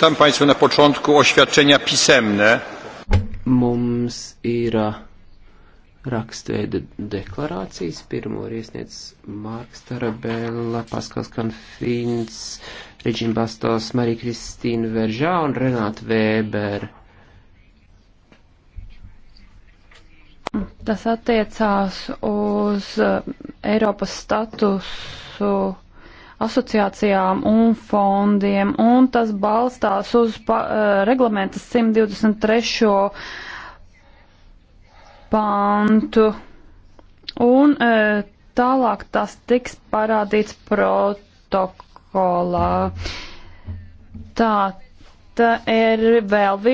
Tam Państwu na początku oświadczenia pisemne. Mums ir uh, rakstveida deklarācijas. Pirmo ir iesniedz Marks Tarabella, Paskals Kanfīns, Reģina Bastos, Marija Kristīna Veržā un Renāta Vēbera. Tas attiecās uz uh, Eiropas statusu asociācijām un fondiem, un tas balstās uz pa, uh, eh, reglamentas 123. pantu. Un uh, tālāk tas tiks parādīts protokolā. Tā, tā ir vēl viena.